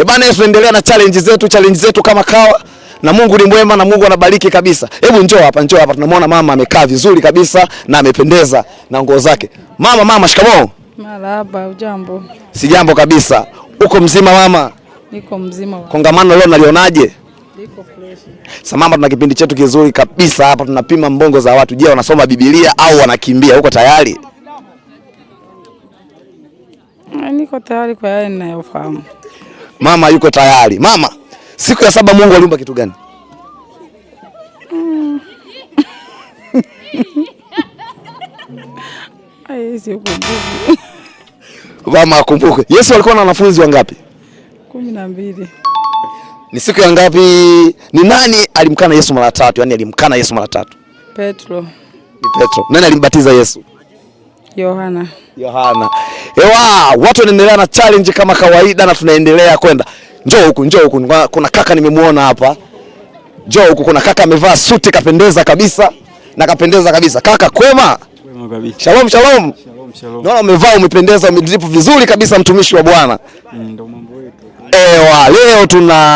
E bana, Yesu endelea na challenge zetu, challenge zetu kama kawa na Mungu ni mwema na Mungu anabariki kabisa. Hebu njoo hapa, njoo hapa. Tunamwona mama amekaa vizuri kabisa na amependeza na nguo zake. Mama, mama, shikamoo. Marahaba, ujambo? Si jambo kabisa. Uko mzima mama? Niko mzima. Kongamano leo nalionaje? Niko fresh. Sasa mama, tuna kipindi chetu kizuri kabisa hapa, tunapima mbongo za watu. Je, wanasoma Biblia au wanakimbia? Uko tayari? Ah, niko tayari kwa yale ninayofahamu. Mama yuko tayari. Mama, siku ya saba Mungu aliumba kitu gani? Mama akumbuke. Yesu alikuwa na wanafunzi wangapi? Kumi na mbili. Ni siku ya ngapi? Ni nani alimkana Yesu mara tatu? Yaani alimkana Yesu mara tatu? Petro. Ni Petro. Nani alimbatiza Yesu? Yohana. Yohana. Ewa, watu wanaendelea na challenge kama kawaida na tunaendelea kwenda. Njoo huku, njoo huku. Kuna kaka nimemuona hapa. Njoo huku, kuna kaka amevaa suti kapendeza kabisa. Na kapendeza kabisa. Kaka kwema? Kwema kabisa. Shalom, shalom. Shalom, shalom. Naona umevaa umependeza, umedrip vizuri kabisa mtumishi wa Bwana. Mm, ndio mambo yetu. Ewa, leo tuna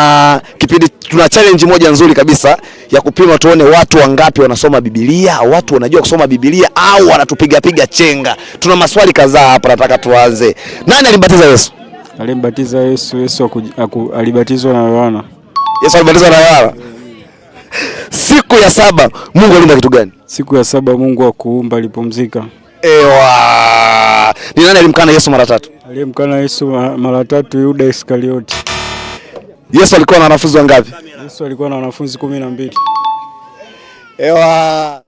kipindi tuna challenge moja nzuri kabisa ya kupima tuone watu wangapi wanasoma Biblia, watu wanajua kusoma Biblia au wanatupigapiga chenga. Tuna maswali kadhaa hapa, nataka tuanze. Nani alimbatiza Yesu? Alimbatiza Yesu, Yesu alibatizwa na Yohana. Yesu alibatizwa na Yohana. Siku ya saba Mungu aliumba kitu gani? Siku ya saba Mungu hakuumba, alipumzika. Ewa. Ni nani alimkana Yesu mara tatu? Aliyemkana Yesu mara tatu Yuda Iskarioti. Yesu alikuwa na wanafunzi wangapi? Yesu alikuwa na wanafunzi kumi na mbili. Ewa.